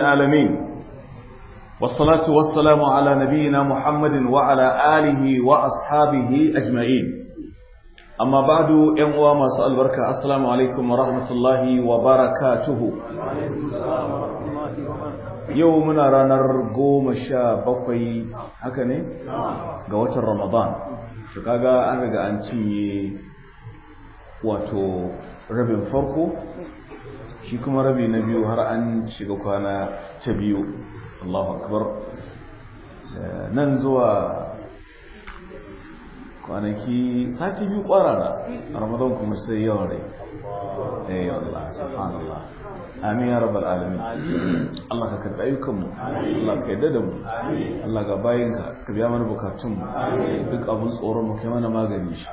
العالمين والصلاة والسلام على نبينا محمد وعلى آله وأصحابه أجمعين أما بعد إن وما سأل بركة السلام عليكم ورحمة الله وبركاته يومنا رانر قوم شابقي هكذا قوة رمضان فكاقا أنا قاعد أنتي واتو ربن فرقو shi kuma rabi na biyu har an shiga kwana ta biyu allahu akbar nan zuwa kwanaki sati biyu kwarara ramadan kuma sai yawan rai ayyallah eh, subhanallah amin ya rabar alami Allah ka karɓi ayyukanmu mu Allah ka yadda da mu Allah ga bayinka ka biya mana bukatun mu duk abun tsoron mu kai mana magani shi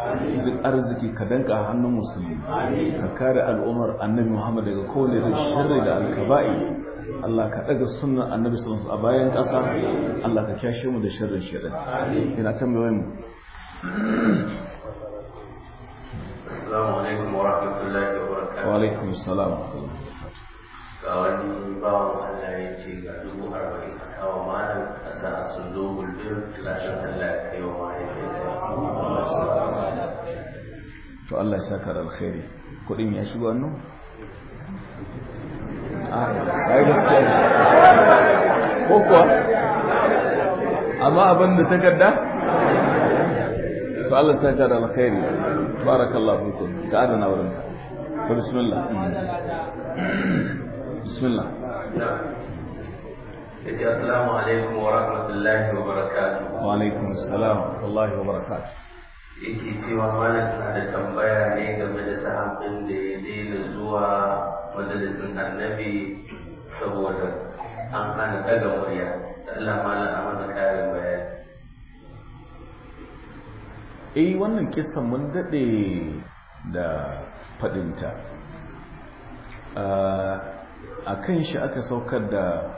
duk arziki ka danka hannun musulmi ka kare al'ummar annabi Muhammad daga kowane da shirri da alkaba'i Allah ka daga sunnan annabi sallallahu alaihi a bayan ƙasa Allah ka kyashe mu da sharrin shirri ina tambayoyin mu السلام عليكم ورحمة الله وبركاته وعليكم السلام ورحمة الله ga wani bawan Allah ya ce ga dubu arba'in a kawo malam a sa a sun zo gulbin lashin Allah ya kai wa mahaifinsa. To Allah ya saka da alkhairi. Kuɗin ya shigo hannu? Ah, Ko kuwa? Amma abin da takarda? To Allah ya saka da alkhairi. Barakallahu fikum. Ka adana wurinka. بسم الله السلام عليكم ورحمة الله وبركاته وعليكم السلام ورحمة الله وبركاته yake cewa malam na da tambaya ne game da sahabin da ya daina zuwa majalisin annabi saboda an hana daga murya da Allah malam a masa karin bayani eh wannan kisan mun dade da fadinta a kan shi aka saukar da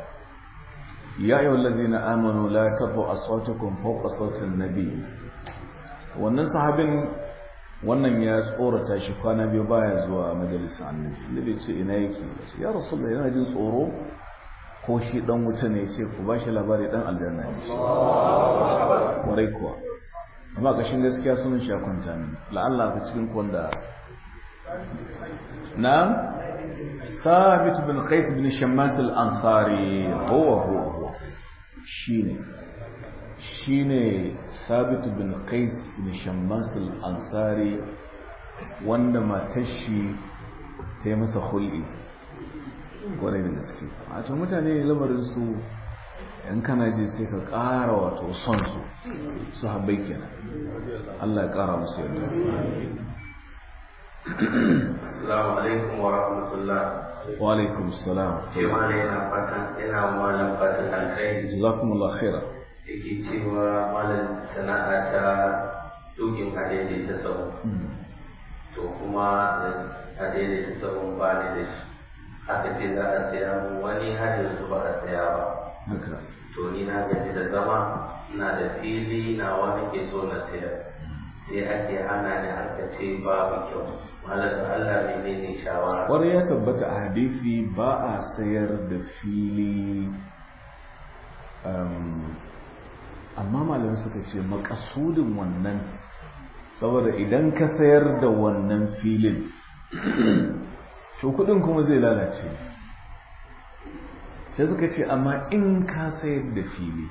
ya ayyuhal zina amanu la tarfu aswatukum fawqa sawtin nabi wannan sahabin wannan ya tsorata shi kwana biyu baya zuwa majalisar annabi annabi ce ina yake ya da yana jin tsoro ko shi dan wuta ne ce ku ba shi labari dan aljanna ne kwarai kuwa amma kashin gaskiya sunan shi ya kwanta la'alla ka cikin kwanda na ثابت بن قيس بن شماس الأنصاري هو هو shine sabit bin qais bin shammas al-ansari wanda matar shi ta yi masa hulɗi kwarai da gaske a mutane lamarin su yan kana je sai ka ƙara wato son su su habbai Allah ya ƙara musu yadda Assalamu alaikum wa rahmatullah. Wa alaikum assalam. yana fatan ina malam fatan alkhairi. Jazakumullah khaira. cewa malam sana'a ta dukin adede ta sabo. To kuma adede ta sabo ba ni da shi. Haka ce za a saya mu wani har yanzu ba a saya ba. Haka. To ni na gaji da zama na da fili na wani ke so na sayar. sai ake hana ni har ce babu kyau mallaka Allah ne ne shawara kwarai ya tabbata a hadisi ba a sayar da fili um, amma malam suka ce makasudin wannan saboda idan ka sayar da wannan filin to kuɗin kuma zai lalace sai suka ce amma in ka sayar da fili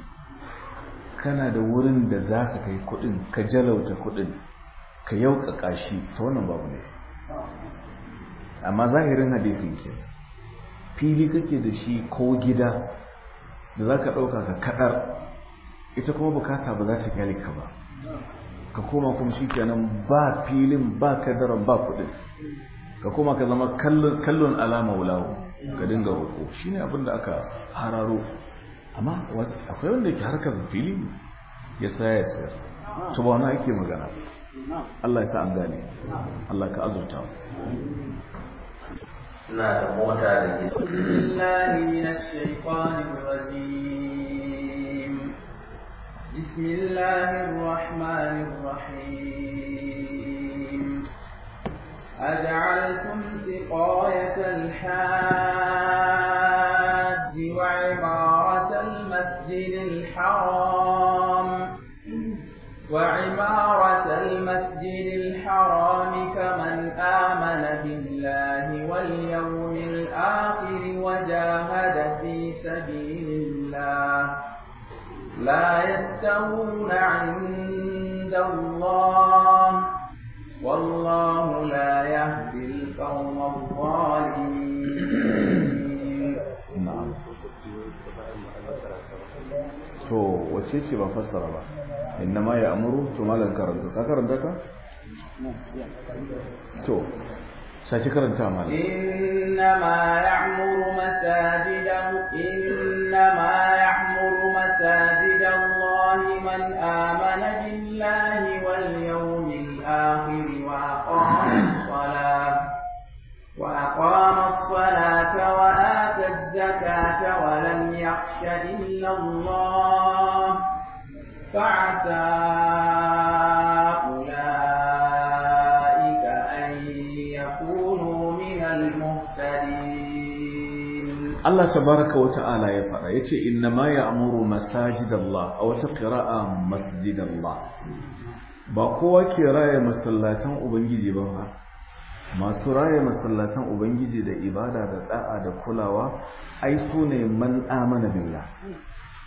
kana da wurin da za ka kai kuɗin ka jalauta kuɗin ka yauƙaƙa shi ta wannan babu ne amma zahirin hadisin ke fili kake da shi ko gida da za ka ɗauka ka kaɗar ita kuma bukata ba za ta kyale ka ba ka koma kuma shi kenan ba filin ba kadaran ba kuɗin ka koma ka zama kallon alama wulawo ka dinga roƙo shine abin da aka hararo amma akwai wanda yake harkar fili ya saya ya sayar to ba wani ake magana Allah ya sa an gane Allah ka azurta ina da mota da ke billahi minash shaitanir rajim bismillahir rahmanir rahim أجعلتم سقاية الحاج وعباد المسجد الحرام وعمارة المسجد الحرام كمن آمن بالله واليوم الآخر وجاهد في سبيل الله لا يستوون عند الله والله لا يهدي القوم الظالمين to wace ce ba fassara ba inna ma ya amuru to malam karanta ka karanta ka to sake karanta malam inna ma ya'muru masajidahu inna ma ya'muru masajidallahi man amana billahi wal yawmil akhir wa aqama وأقام الصلاة وآتى الزكاة ولم يخش إلا الله فعسى أولئك أن يكونوا من المهتدين الله تبارك وتعالى يفعل يتي إنما يأمر مساجد الله أو تقراء مسجد الله ba kowa ke raya masallatan Ubangiji ba masu raye masallatan ubangiji da ibada da da'a da kulawa ai su ne man amana billah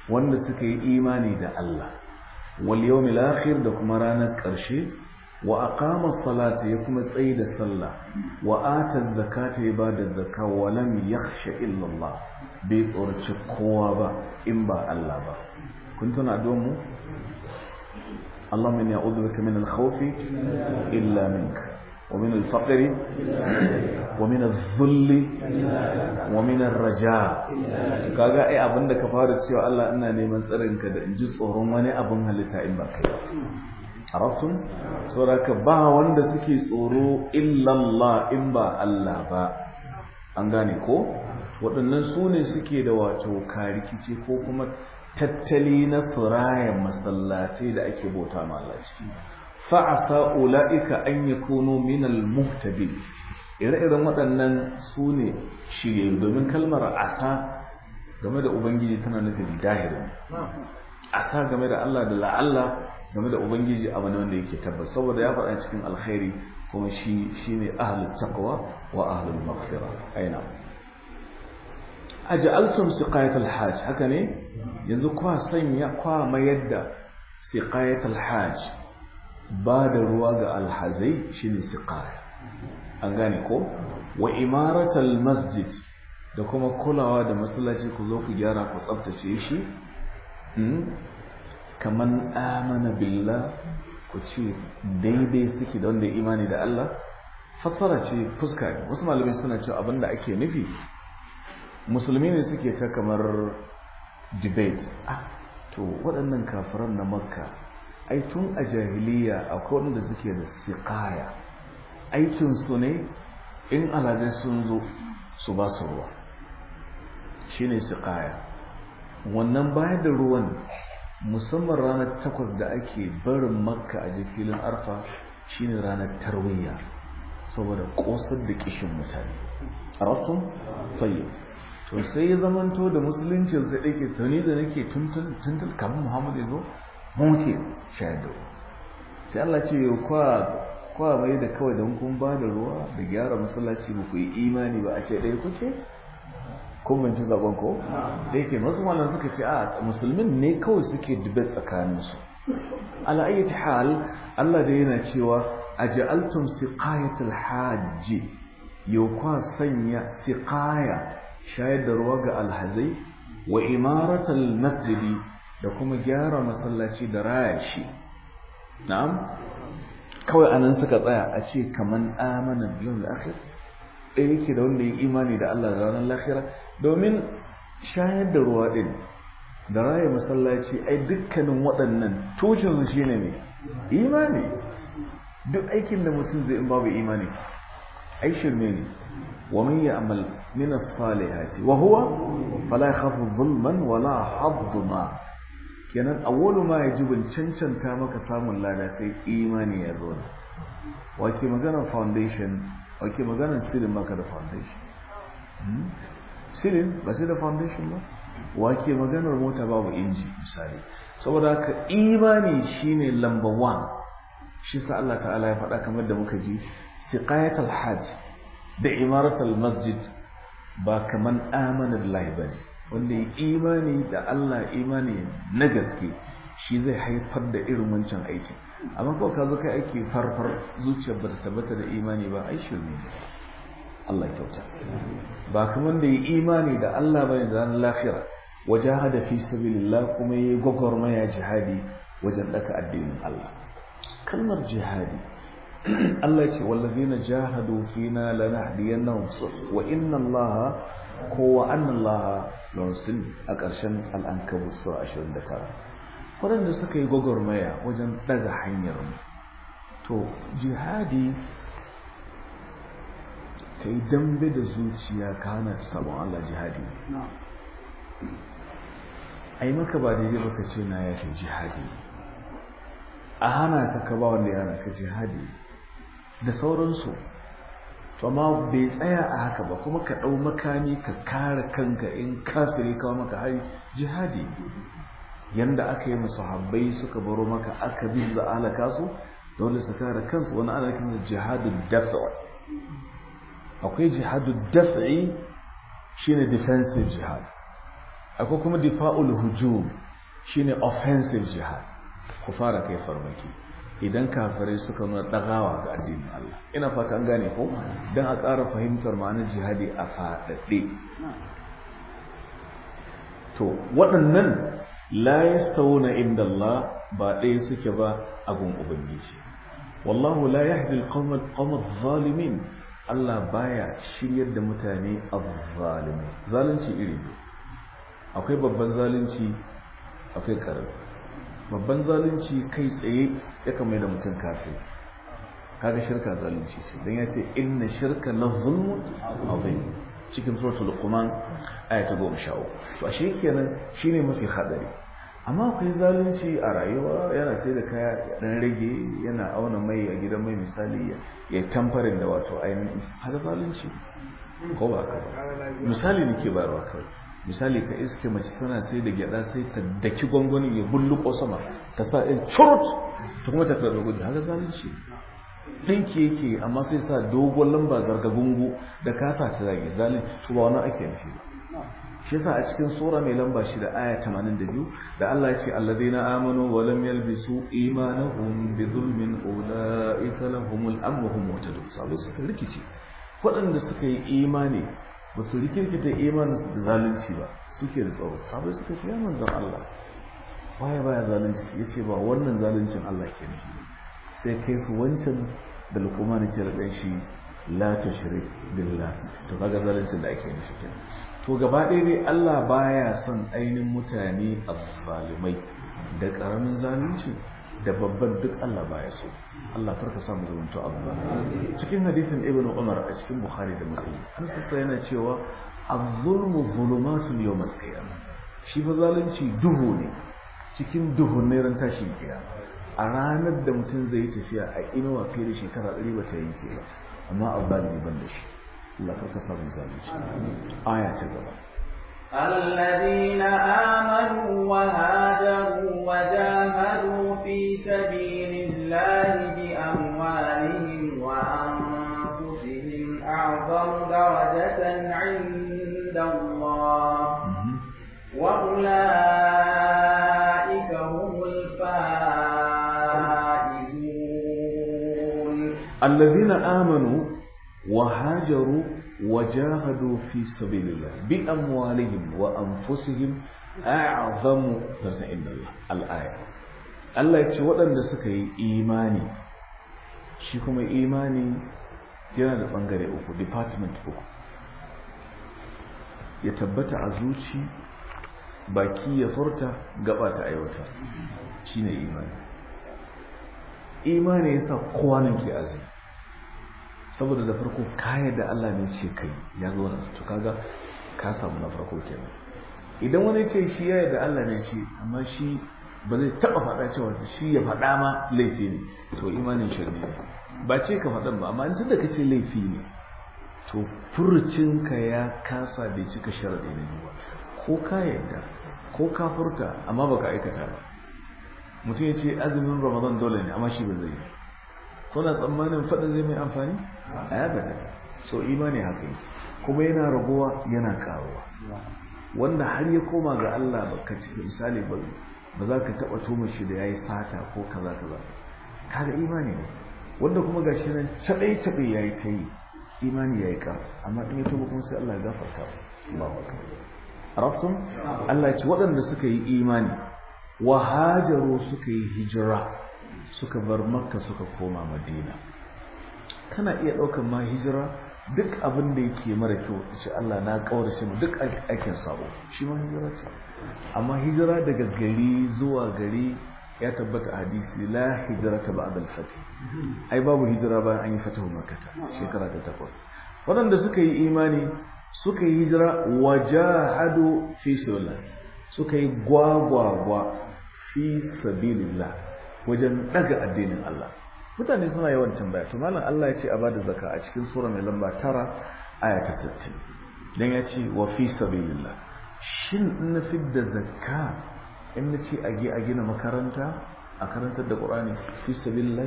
wanda suka yi imani da Allah wal yawmil akhir da kuma ranar ƙarshe wa aqama salata ya kuma tsayi da sallah wa ata zakata ya bada zakka wa lam yakhsha illa Allah bai tsoraci kowa ba in ba Allah ba kun tuna don mu Allah min bika min al-khawfi illa minka ومن الفقر ومن الذل ومن الرجاء kaga ai abin da ka fara cewa Allah ina neman tsarinka da in ji tsoron wani abin halitta in ba kai arabtum saboda ka ba wanda suke tsoro illa Allah in ba Allah ba an gane ko waɗannan sune suke da wato karikice ko kuma tattali na surayen masallatai da ake bauta ma Allah ciki fa'asa ula'ika an yakunu minal muhtadin ire-iren waɗannan sune ne shirye domin kalmar asa game da ubangiji tana nufin dahirin asa game da Allah da la'alla game da ubangiji abu ne wanda yake tabbas saboda ya faɗa cikin alkhairi kuma shi shine ahlul taqwa wa ahlul maghfira aina aj'altum siqayat al-hajj haka ne yanzu kwa sanya kwa mayar da siqayat al-hajj ba da ruwa ga alhazai shi shine istiqaya an gane ko wa imaratar masjid da kuma kulawa da masallaci ku zo ku gyara ku tsabtace shi hmm? kaman amana billa ku ce daidai suke da wanda imani da Allah Fasara ce fuska ne wasu malamai suna cewa da ake nufi musulmi ne suke ta kamar debate ah to waɗannan kafiran na makka ai tun a jahiliya akwai wanda suke da siqaya aikin su ne in alade sun zo su ba su ruwa shine siqaya wannan bayan da ruwan musamman ranar takwas da ake barin makka a jikin arfa shine ranar tarwiyya saboda kosar da kishin mutane arafin fayyar to sai ya zamanto da musulunci zai ɗake tuni da nake tuntun kamar Muhammadu ya zo mun wuce da ruwa sai Allah ce kwa kwa mai da kawai don kun ba da ruwa da gyara masallaci ba ku yi imani ba a ce ɗaya kuke kun binci zaɓen ko da yake masu malam suka ce a musulmin ne kawai suke dubbe tsakaninsu ta hal Allah da yana cewa a altum siqayatul hajji yau kwa sanya siƙaya shayar da ruwa ga alhazai wa imaratul masjidi da kuma gyara masallaci da raya shi na'am kawai anan suka tsaya a ce kaman amana bil akhir ɗaya yake da wanda ya imani da Allah da ranar lahira domin shayar da ruwa ɗin da raya masallaci ai dukkanin waɗannan tushen shi ne ne imani duk aikin da mutum zai in babu imani ai shirme ne wa man ya'mal min as-salihati wa huwa fala yakhafu dhulman wala hadma kenan awwalu ma yajibu cancanta maka samun lada sai imani ya zo wake maganar foundation wake maganar silin maka da foundation hmm? silin ba sai da foundation ba wake maganar mota babu inji misali saboda haka imani shine number one shi sa Allah ta'ala ya faɗa kamar da muka ji siqayat al-hajj da imarat masjid ba kaman amanar billahi wanda ya imani da Allah imani na gaske shi zai haifar da irin wancan aiki, amma ko ka zo kai aiki farfar zuciyar ba ta tabbata da imani ba ai shi ne Allah kyauta ba kamar da ya imani da Allah bane da ranar lafiya wajahada fi sabilillah kuma yayi gwagwarmaya jihadi wajen daka addinin Allah kalmar jihadi Allah ya ce wallazina jahadu fina lanahdiyannahum wa inna Allah Kowa wa annallaha a ƙarshen al'ankabut sura tara. waɗanda suka yi gwagwarmaya wajen ɗaga hanyar mu to jihadi ka yi dambe da zuciya ka hana sabon Allah jihadi a yi maka ba daidai baka ce na ya jihadi a hana ka ka ba wanda yana ka jihadi da sauransu to bai tsaya a haka ba kuma ka ɗau makami ka kare kanka in kafiri kawo maka hari jihadi yanda aka yi musahabbai suka baro maka aka bi da alaka su dole su kare kansu wani ana kan jihadu dafa. akwai jihadu dafa'i shine defensive jihad akwai kuma difa'ul hujum shine offensive jihad ku fara kai farmaki idan kafirai suka nuna ɗagawa ga addinin Allah ina fata an gane ko don a ƙara fahimtar ma'anar jihadi a faɗaɗe to waɗannan la yastawuna inda Allah ba ɗaya suke ba a gun ubangiji wallahu la yahdi al-qawma zalimin Allah baya shiryar da mutane a zalimi zalunci iri akwai babban zalunci akwai karami babban zalunci kai tsaye ya kama da mutum kafin kaga shirka zalunci ce don ya ce inna shirka la zulmun azim cikin suratul kuman aya goma sha uku to ashe shi ne mafi hadari amma akwai zalunci a rayuwa yana sai da kaya ya dan rage yana auna mai a gidan mai misali ya tamfarin da wato ainihin hada zalunci ko ba ka misali nake bayarwa kawai misali ka iske mace tana sai da gyada sai ta daki gwangwani ya bulluko sama ta sa in curut ta kuma ta karɓi gudu haka zalunci ɗinki yake amma sai sa dogon lamba zarga gungu da kasa ta zage zalunci to ba wannan ake nufi ba shi yasa a cikin sura mai lamba shida aya 82 da Allah ya ce alladheena amanu wa lam yalbisu imanuhum bi dhulmin ulaika lahumul amru hum muhtadun sabo suka rikice waɗanda suka yi imani ba su rikirkita imanin da zalunci ba suke da tsaro sabai suka ce ya zan Allah baya baya zalunci ya ce ba wannan zaluncin Allah ke nufi sai kai su wancan da na ke ɗan shi la ta shirik billah to kaga zaluncin da ake nufi ke to gaba ɗaya dai Allah baya son ainihin mutane zalumai da ƙaramin zalunci da babban duk Allah baya so Allah farka samu abu abuwa cikin hadisin ibn umar a cikin bukhari da muslim an sassa yana cewa az-zulmu zulumatul yawm al-qiyamah shi fa zalunci duhu ne cikin duhu ne ran tashin kiyama a ranar da mutum zai tafiya a inuwa fiye da shekara ɗari ba ta yanke ba amma ne ban da shi Allah farka samu zalunci aya ta gaba الَّذِينَ آمَنُوا وَهَاجَرُوا وَجَاهَدُوا فِي سَبِيلِ اللَّهِ بِأَمْوَالِهِمْ وَأَنفُسِهِمْ أَعْظَمُ دَرَجَةً عِندَ اللَّهِ ۚ وَأُولَٰئِكَ هُمُ الْفَائِزُونَ الَّذِينَ آمَنُوا وَهَاجَرُوا وجاهدوا في سبيل الله بأموالهم وأنفسهم أعظم درس عند الله الآية Allah ya ce waɗanda suka yi imani shi kuma imani yana da bangare uku department uku ya tabbata a zuci baki ya furta gaba ta aiwata shi ne imani imani ya sa kowa nan ke azumi saboda da farko kayan da Allah ne ce kai ya zo wani to kaga ka samu na farko kenan idan wani ce shi ya da Allah ne ce amma shi ba zai taba faɗa cewa shi ya faɗa ma laifi ne to imanin shirme ne ba ce ka faɗan ba amma da ka ce laifi ne to furucinka ya kasa bai cika sharaɗi ne ba ko ka yadda ko ka furta amma baka aikata ba mutum ya ce azumin ramadan dole ne amma shi ba zai yi kuna tsammanin faɗin zai mai amfani a yabada so imani haka yi kuma yana raguwa yana karuwa wanda har ya koma ga Allah ba ka cikin misali ba ba za ka taɓa tuma shi da ya yi sata ko kaza kaza kaga imani ne wanda kuma ga shi nan caɗai caɗai ya yi ta yi imani ya yi ƙaru amma in ya tuba kuma sai Allah ya gafarta ba akbar raftun Allah ya ce waɗanda suka yi imani wa hajaro suka yi hijira suka bar makka suka koma madina kana iya ɗaukar ma hijira duk abin da yake mara kyau ce Allah na kaurace mu duk aikin sabo shi ma hijira ce amma hijira daga gari zuwa gari ya tabbata hadisi la ta ba'da al-fath ai babu hijira bayan an yi fatahu makkata shekara ta takwas waɗanda suka yi imani suka yi hijira wajahadu fi sabilillah suka yi gwagwagwa fi sabilillah wajen daga addinin Allah mutane suna yawan tambaya to malam Allah ya ce a bada zakka a cikin sura mai lamba 9 aya ta 60 dan ya ce wa fi sabilillah shin in na fidda zakka in na ce a a gina makaranta a karantar da Qur'ani fi sabilillah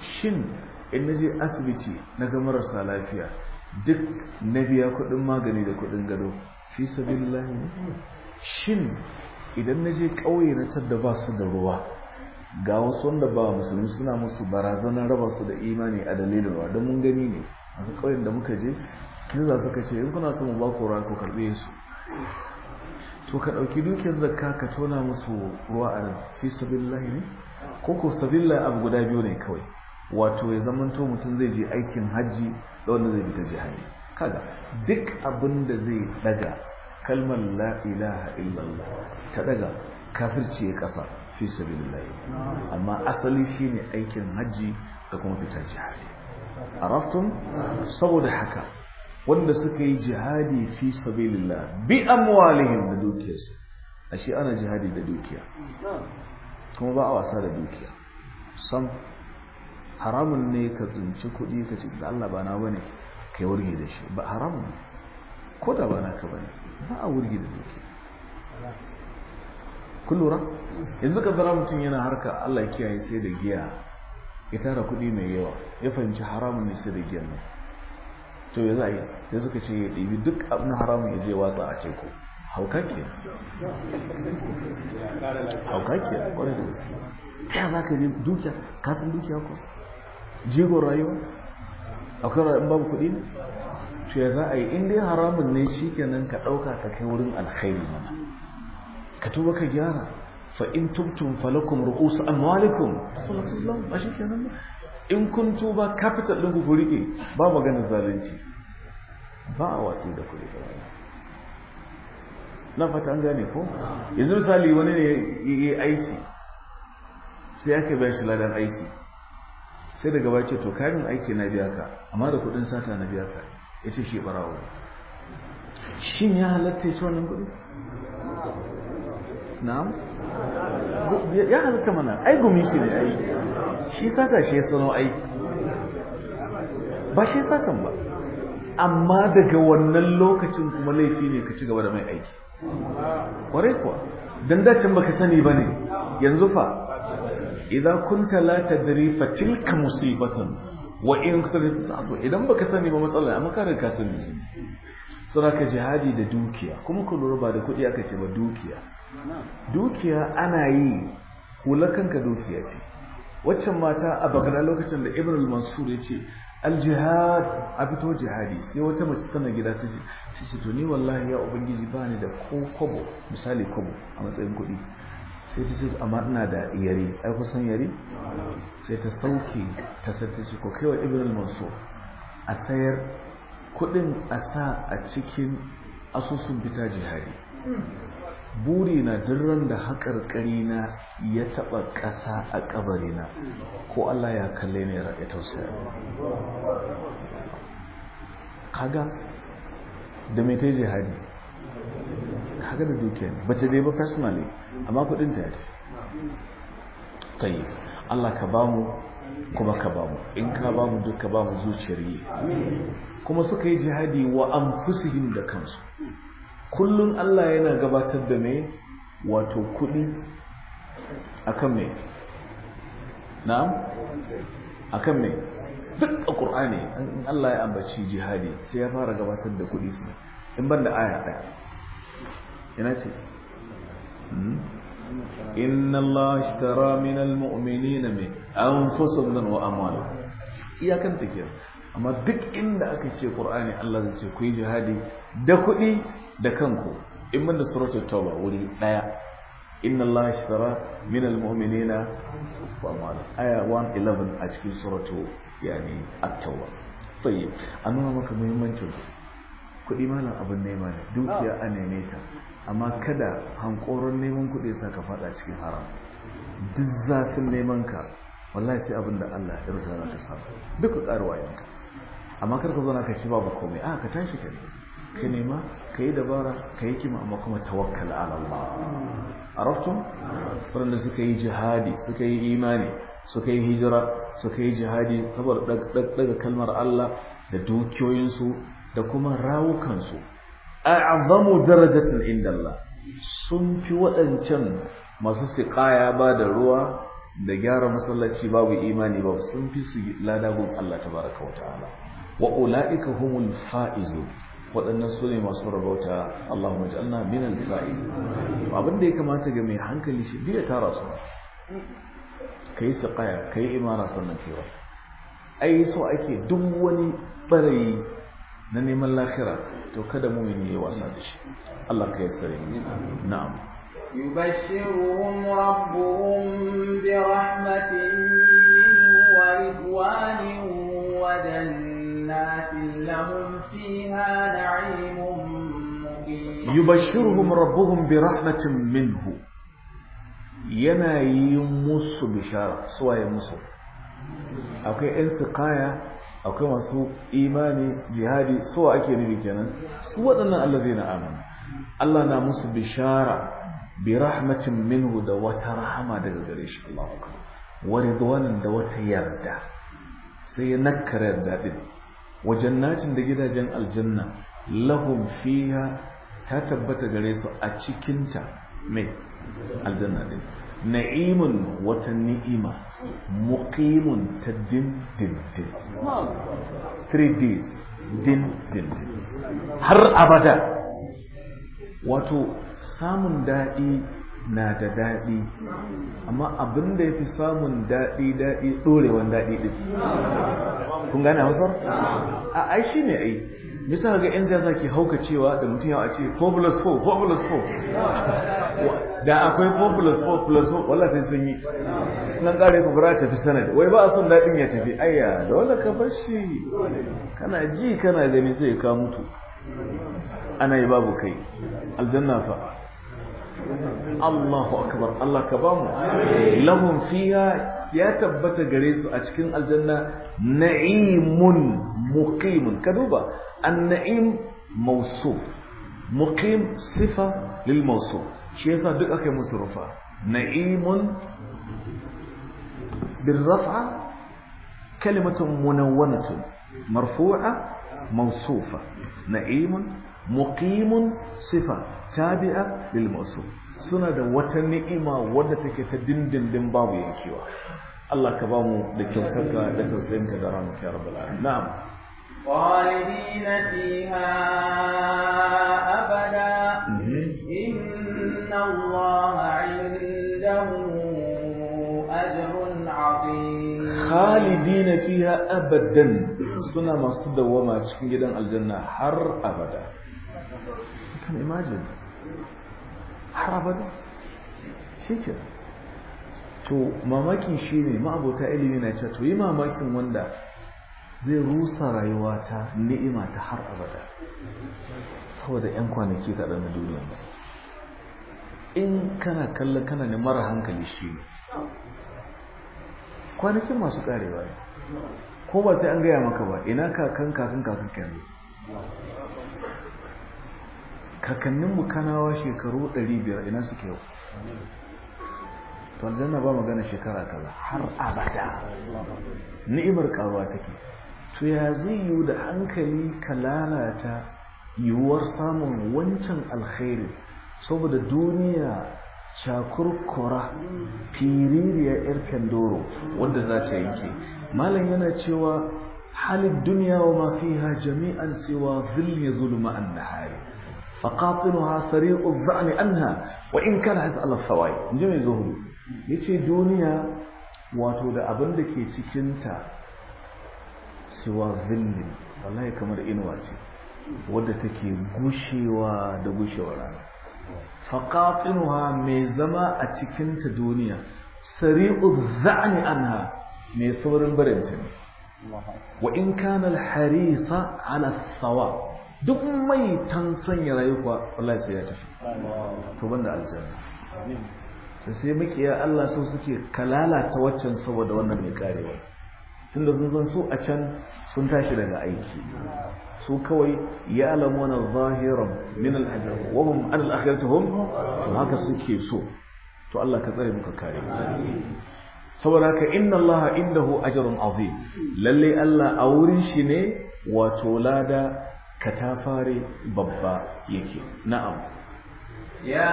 shin in na je asibiti na ga marasa lafiya duk na biya kuɗin magani da kuɗin gado fi sabilillah shin idan na je ƙauye na tadda ba su da ruwa ga wasu wanda ba musulmi suna musu barazanar raba su da imani a dalilin wa don mun gani ne a ƙauyen da muka je za su kace in kuna son ba ku ruwa ko su to ka ɗauki dukiyar zakka ka tona musu ruwa a nan fi sabillahi ne ko ko sabillahi abu guda biyu ne kawai wato ya zamanto mutum zai je aikin hajji da wanda zai fita jihari kaga duk abin da zai daga kalmar la ilaha illallah ta daga kafirci ya kasa fi sabilillah amma asali shine aikin haji da kuma fita jihadi araftum saboda haka wanda suka yi jihadi fi sabilillah bi amwalihim da dukiyarsu ashe ana jihadi da dukiya kuma ba a wasa da dukiya sam haramun ne ka tsinci kuɗi ka ce da Allah ba na bane kai wurge da shi ba haramun ko da ba naka bane ba a wurge da dukiya kun lura yanzu ka zara mutum yana harka Allah kiyaye sai da giya ya tara kuɗi mai yawa ya fahimci haramun ne sai da giyan nan to ya za a yi ya suka ce ya ɗibi duk abin haramun ya je watsa a teku hauka ke hauka ke ƙwarai da gaske ta yaya za ka je dukiya ka san dukiya ko jigon rayuwa akwai rayuwa babu kuɗi ne to ya za a yi in dai haramun ne shi kenan ka ɗauka ka kai wurin alkhairi mana ka tuba ka gyara fa in tubtum falakum ru'us amwalikum sallallahu ba in kun tuba capital din ku a da kuɗi da na fata gane ko yanzu misali wani ne ya aiki sai aka bayar shi ladan aiki sai daga baya to kayan aiki na biya da kuɗin sata na biya ka ya shin ya halatta ya wannan kuɗi na'am ya halatta mana ai gumi shi ne ai shi sata shi ya sano ai ba shi sakan ba amma daga wannan lokacin kuma laifi ne ka ci gaba da mai aiki kwarai kuwa dan dacin ka sani ba ne. yanzu fa idza kunta la tadri fa tilka musibatan wa in kunta sa'atu idan baka sani ba matsala amma ka riga sani sai ka jihadi da dukiya kuma ku lura ba da kuɗi aka ce ba dukiya dukiya ana yi hula kanka dukiya ce waccan mata a bakar lokacin da ibn al-mansur ya ce aljihad a fito jihadi sai wata mace tana gida ta ce to ni wallahi ya ubangiji ba ni da ko kobo misali kobo a matsayin kuɗi sai ta ce amma ina da yare ai kusan yare sai ta sauke ta sata shi ko wa ibn al-mansur a sayar kuɗin a sa a cikin asusun fita jihadi buri na duk da haƙarƙari na ya taɓa ƙasa a ƙabari na ko Allah ya kalle ne ya tausaya kaga da mai ta jihadi kaga da dukiya ba ta dai ba personally amma kuɗin ta yadda tayi Allah ka ba mu kuma ka ba mu in ka ba mu duk ka ba mu zuciyar yi kuma suka yi jihadi wa anfusihim da kansu kullum Allah yana gabatar da mai wato kuɗi akan mai na'am akan mai duk a ƙur'ani in Allah ya ambaci jihadi sai ya fara gabatar da kuɗi suna, in ban da aya ɗaya Ina ce hmm? inna Allah ishtara min an min nan wa amwalihim iyakan take amma duk inda aka ce ƙur'ani Allah zai ce ku yi jihadi da kuɗi da kanku in mun da suratul tauba wuri daya inna allaha ishtara min almu'minina wa aya 111 a cikin suratu yani at-tauba tayyib an nuna maka muhimmancin kuɗi malam abin nema ne dukiya a neme ta amma kada hankoron neman kuɗi sa ka fada cikin haram duk zafin neman ka wallahi sai abin da Allah ya rufe ka samu duk ƙaruwa yanka amma karka zo na ka ci babu komai a ka tashi ka ne ka nema ka yi dabara ka yi kima amma kuma tawakkal ala Allah arabtum waɗanda suka yi jihadi suka yi imani suka yi hijira suka yi jihadi saboda ɗaga kalmar Allah da dukiyoyinsu da kuma rawukansu a'zamu darajatin inda Allah sun fi waɗancan masu siƙaya ba da ruwa da gyara masallaci babu imani ba sun fi su ladagun Allah tabaraka wa ta'ala wa ula'ika humul fa'izu waɗannan su ne masu rabauta Allahumma ja'alna min al-fa'i abin da ya kamata ga mai hankali shi biya tara su kai kaya kai imara sannan cewa ai so ake duk wani barayi na neman lahira to kada mu mumin ya wasa da shi Allah ka yassare mu na'am yubashshiruhum rabbuhum bi rahmatin minhu wa ridwanin wa jannatin Yi لهم فيها نعيم مقيم يبشرهم ربهم برحمة منه yana yi musu bishara suwaye musu akwai 'yan sikaya akwai masu imani jihadi suwa ake nufi kenan su waɗannan allazi na amana Allah na musu bishara bi rahmatin minhu da wata rahama daga gare shi Allah wa ridwanin da wata yarda sai ya nakkara yarda din Wajen jannatin da gidajen aljanna lahum fiya ta tabbata gare su a cikinta mai aljanna din na'imun wata ni'ima muqimun ta din din din three days din din din har abada wato samun daɗi na da daɗi amma abin da ya fi samun daɗi daɗi ɗorewan daɗi ɗin kun gane hausar a ai shi ne ai bisa ga yan zaza ke hauka cewa da mutum yawa a ce 4 plus 4 4 plus 4 da akwai 4 plus 4 plus 4 wala sai sun yi nan ƙare ku fara tafi sanad. wai ba a son daɗin ya tafi ayya da wala ka bar shi kana ji kana gani zai ka mutu ana yi babu kai aljanna fa الله أكبر الله كبام لهم فيها يا تبت جريز أشكن الجنة نعيم مقيم كدوبا النعيم موصوف مقيم صفة للموصوف شيزا دقك مصرفة نعيم بالرفعة كلمة منونة مرفوعة موصوفة نعيم muqimun sifa tabi'a lil suna da wata ni'ima wadda take ta dindindin babu yankewa Allah ka ba mu da ka da tausayinka da ranar ya rabbal alamin na'am خالدين فيها أبدا إن الله عنده أجر عظيم خالدين فيها أبدا سنة ما صدوا cikin gidan aljanna har abada. You can imagine. Harabada. Shi ke. To mamakin shi ne ma'abota ilimi na cewa to yi mamakin wanda zai rusa rayuwa ta ni'ima ta har abada. Saboda 'yan kwanaki kaɗan na duniya ba. In kana kalla kana ne mara hankali shi ne. Kwanakin masu ƙarewa ne. Ko ba sai an gaya maka ba ina kakan kakan kakan yanzu. mu kanawa shekaru 500 ina suke yau aljanna ba magana shekara kaza har abada ni'imar karuwa take to ya zai yiwu da hankali ka lalata yiwuwar samun wancan alkhairi saboda duniya cakurkura fiririyar yar kandoro wadda za ta yanke malam yana cewa halin duniya wa mafiha jami'an siwa zulmi zulma an nahari فقاطنها سريع الزعم عنها وإن كان يسأل الثوائب إن جميع زهري يتي دنيا wato da abinda ke cikinta siwa zillin wallahi kamar inuwa ce wadda take gushewa da gushewar rana faqatinuha mai zama a cikinta duniya sari'u za'ni anha mai saurin barinta ne wa in kana al-harisa sawa duk mai tan son ya rayu kuwa wallahi sai ya tafi to banda aljanna to sai makiya Allah so suke kalala ta waccan saboda wannan mai karewa tunda sun san su a can sun tashi daga aiki su kawai ya alamuna zahiran min al-ajr wa hum an al hum to haka suke so to Allah ka tsare muka kare saboda haka inna Allah indahu ajrun azim lalle Allah a wurin shi ne wato lada katafare babba yake na'am ya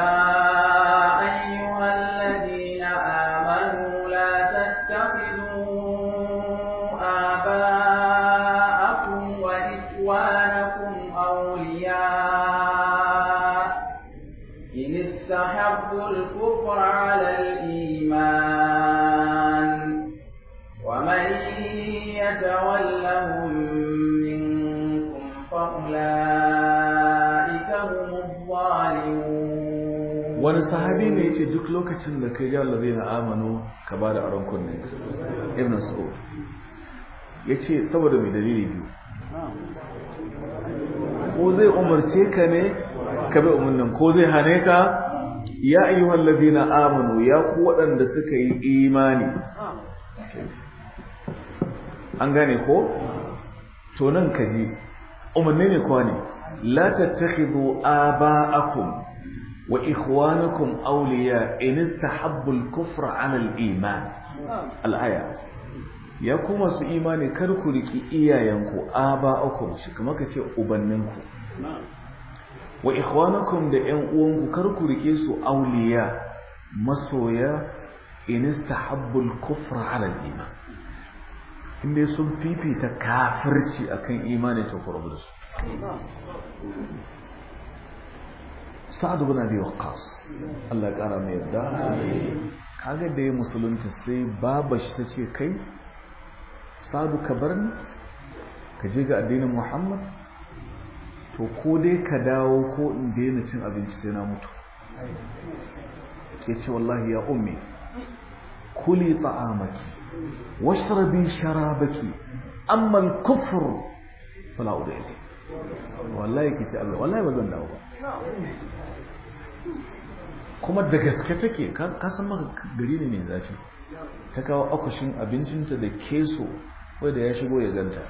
ayyuhal ladina amanu la tattakhidhu wani sahabi ne ya ce duk lokacin da kai jawar zai na amano ka ba da aron kunne ibn sa'ud ya ce saboda mai dalili biyu ko zai umarce ka ne ka bi umarnin ko zai hane ka ya wallazi na amano ya ku waɗanda suka yi imani an gane ko to nan ka ji umarni ne kwa ne la tattakhidu aba'akum وإخوانكم أولياء إن استحبوا الكفر على الإيمان الآية ya ku masu imani kar ku riki iyayenku aba'akum shi kuma kace ubanninku wa ikhwanakum da ƴan uwanku kar ku riƙe su auliya masoya in istahabbul kufr ala iman inda sun fifita kafirci akan imani to kurbu su sa'ad bin abi waqqas Allah ya kara mai yarda kaga da ya musulunta sai baba shi tace kai sa'ad ka bar ni ka je ga addinin Muhammad to ko dai ka dawo ko in daina cin abinci sai na mutu ke ce wallahi ya ummi kuli ta'amaki washrabi sharabaki amma al-kufr fala udai wallahi kici Allah wallahi ba zan dawo ba kuma da gaske take ka san maka gari ne mai zafi ta kawo akushin abincinta da keso da ya shigo ya ganta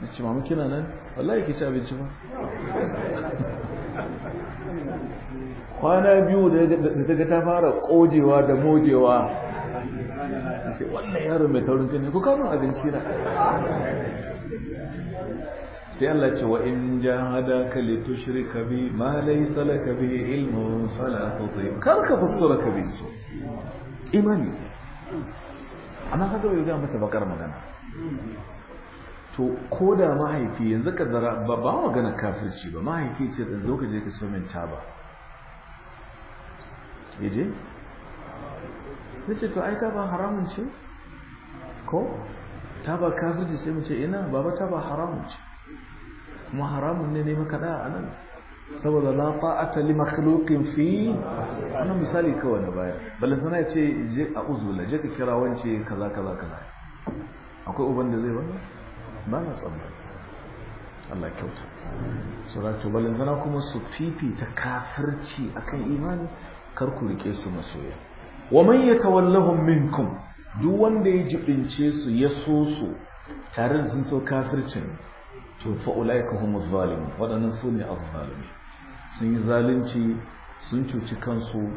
na ce mamu kina nan wallahi ki ci abinci ba kwana biyu da daga ta fara kojewa da mojewa na ce wannan yaro mai taurin kai ne ku kamun abinci na sai Allah ce wa in jahadaka li tushrika bi ma laysa laka bi ilmun fala tuti kar ka fuskura ka bi su imani amma kaga bai ga mata bakar magana to ko da mahaifi yanzu ka zara ba ba magana kafirci ba mahaifi ce da zo ka je ka so min taba yaje nace to ai taba haramun ce ko taba kafirci sai mu ce ina baba taba haramun ce kuma haramun ne ne maka da a nan saboda na fa'ata li makhluqin fi wannan misali kawai na baya balantana ya ce je a uzula je ka kira wance kaza kaza kaza akwai uban da zai bana ba na tsamba Allah kyauta suratu balantana kuma su ta kafirci akan imani kar ku rike su masoya wa man yatawallahum minkum duk wanda ya jibince su ya so su tare da sun so kafircin to ulaika humuz zalimun waɗannan su ne azzalimi sun yi zalunci sun cuci kansu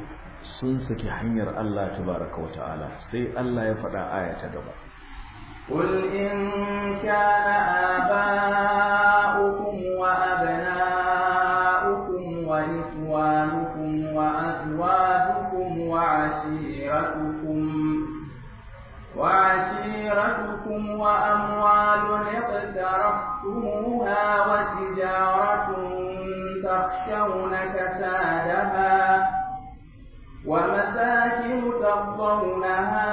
sun saki hanyar Allah tabaaraka wa ta'ala sai Allah ya faɗa aya ta gaba قل إن كان آباؤكم وأبناؤكم وإخوانكم وأزواجكم وعشيرتكم وعشيرتكم وأموال اقترفتموها وتجارة تخشون كسادها ومساكن ترضونها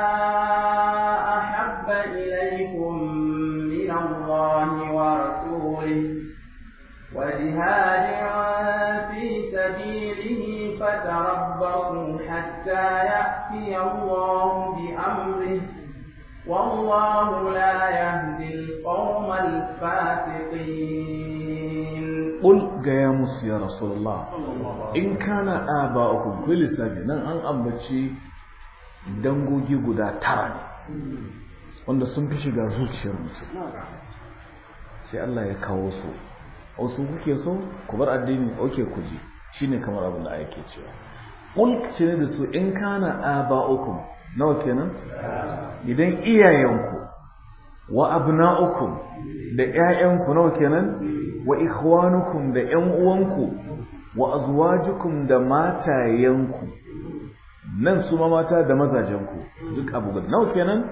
أحب إليكم من الله ورسوله وجهاد في سبيله فتربصوا حتى يأتي الله بأمره والله لا يهدي القوم الفاسقين قل يا موسى يا رسول الله إن كان آباؤكم كل سبيل نن أن أمبتشي dangogi guda tara ne wanda sun fi shiga zuciyar mutum sai Allah ya kawo su wasu kuke so ku bar addini oke ku ji shine kamar abin da ake cewa ulk ce da su in kana aba'ukum nawa kenan idan iyayenku wa abna'ukum da ƴaƴanku nawa kenan wa ikhwanukum da ƴan uwanku wa azwajukum da matayenku nan su ma mata da mazajenku duk abu guda nawa kenan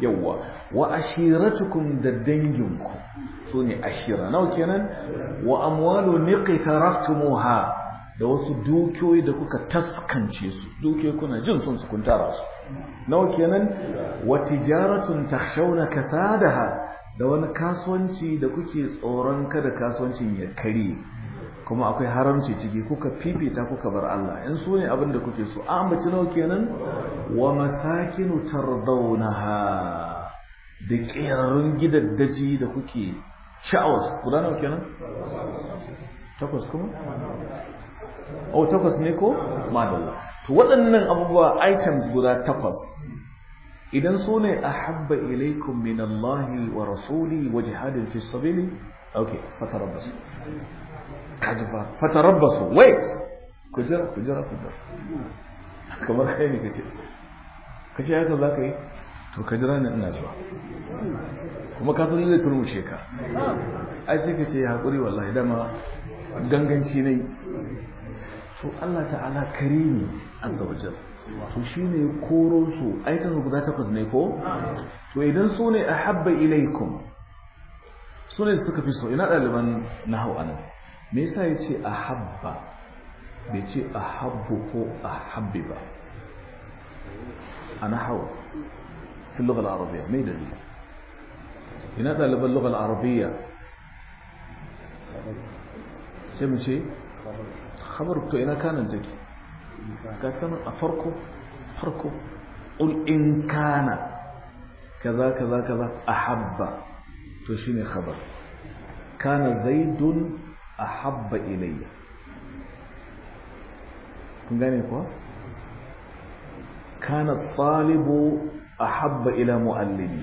yawa wa ashiratukum da danginku su ne ashira nawa kenan wa amwalu niqtaraftumuha da wasu dukiyoyi da kuka taskance su dukiyoyi kuna jin sun su kun tara su nawa kenan wa tijaratun takhshawna kasadaha da wani kasuwanci da kuke tsoron kada kasuwancin ya kare kuma akwai haramci ciki kuka fifita kuka bar Allah in su ne abin da kuke so an mace nawa kenan wa masakinu tardawnaha da kiyarrun gidaddaji da kuke sha'awas guda nawa kenan takwas kuma o takwas ne ko madalla to waɗannan abubuwa items guda takwas idan su ne ahabba ilaikum min Allah wa rasuli wa jihadin fi sabili okay fatarabbasu kajiba fatarabbasu wait ku jira ku jira ku jira kamar kai ne kace kace haka za ka yi to ka jira ne ina zuwa kuma ka san zai turmushe ka ai sai ka ce haƙuri, wallahi dama ganganci ne so Allah ta'ala karimi azza wajal to shine koro su aitan guda takwas ne ko to idan su ne ahabba ilaikum su ne suka fi so ina ɗaliban nahau anan me yasa yace ahabba bai ce ahabbu ko ahabbiba ana ahabbi fi lugha al-arabiyya me da ni ina daliban lugha al-arabiyya sai mu ce خبر to ina كان take ka sanin a farko farko كان كذا كذا kaza kaza kaza شنو to كان زيد kana الي kun gane kuwa kana talibu habba ila muallimi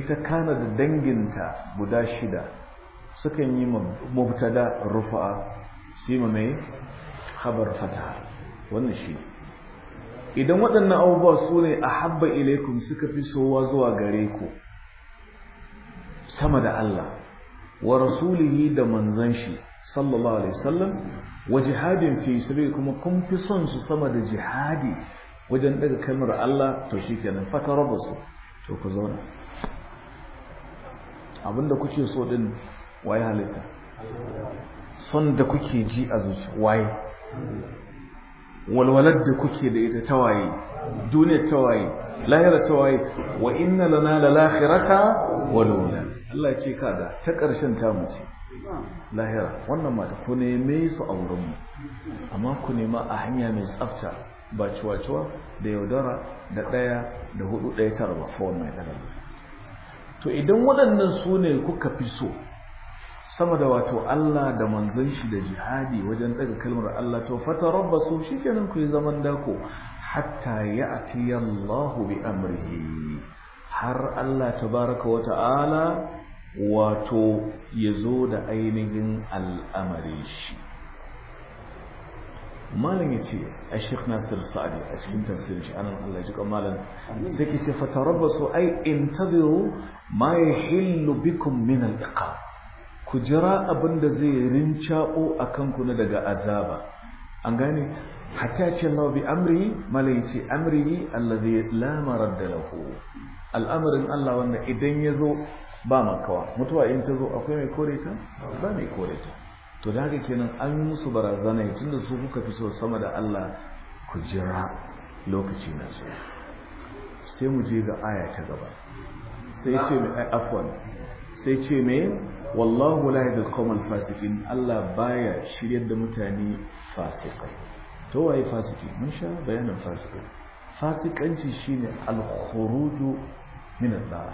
ita kana da danginta guda shida sukan yi mubtada rufa'a Sima mai habar fataha wannan shi idan waɗannan abubuwa su ne a habba ilaikum suka fi sowa zuwa gare ku sama da Allah wa rasulihi da manzon shi sallallahu alaihi wasallam wa jihadin fi kuma kun fi son su sama da jihadi wajen daga kalmar Allah to shikenan su, to ku zauna abinda kuke so din waye halitta son da kuke ji a zuci waye walwalar da kuke da ita ta waye duniya ta waye lahira ta wa inna lana la lahirata wal Allah ya ka da, ta karshen ta mu ce lahira wannan mata ku ne me su a mu amma ku nema a hanya mai tsafta ba ciwaciwa cewa da yaudara da ɗaya da hudu ɗaya tara ba fawon mai to idan waɗannan su ne kuka fi so sama da wato Allah da manzon shi da jihadi wajen daga kalmar Allah to fatarabbasu shikenan ku zaman dako hatta ya'ti Allah bi amrihi har Allah tabaraka wa ta'ala wato yazo da ainihin al'amari shi malam ya ce a shek nasir sa'adi a cikin tafsirin shi anan Allah ji malam sai ke ce fatarabbasu ai intabiru ma yahillu bikum min al-iqab ku jira abin da zai rincaɓo a kanku na daga azaba an gane hatta ce Allah bi amri mala yace amri allazi la da lahu al'amarin Allah wanda idan ya zo ba makawa mutuwa in ta zo akwai mai kore ta ba mai kore ta to da haka kenan an yi musu barazana tun da su kuka fi so sama da Allah ku jira lokaci na su sai mu je ga aya ta gaba sai ce mai afwan sai ce mai wallahu la yadul qawmal fasiqin Allah baya shiryar da mutane fasikai to waye fasiki mun sha bayanin fasiki fasikanci shine al min al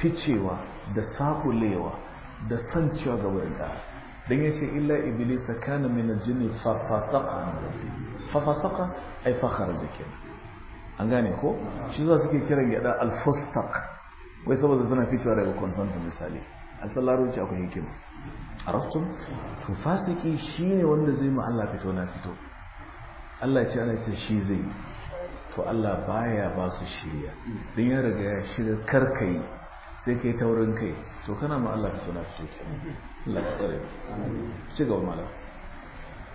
ficewa da sakulewa da sancewa ga wanda dan yace illa iblisa kana min al-jinn fa fasaqa fa fasaqa ay fa kharaja an gane ko shi zuwa suke kiran gyaɗa al-fustaq wai saboda suna ficewa daga consensus misali a larabci akwai hikima arabtum to fasiki shine wanda zai mu Allah fito na fito Allah ya ce ana ce shi zai to Allah baya ba su shirya din ya riga ya shirya karkai sai kai taurin kai to kana ma Allah fito na fito Allah ya tsare ci gaba malam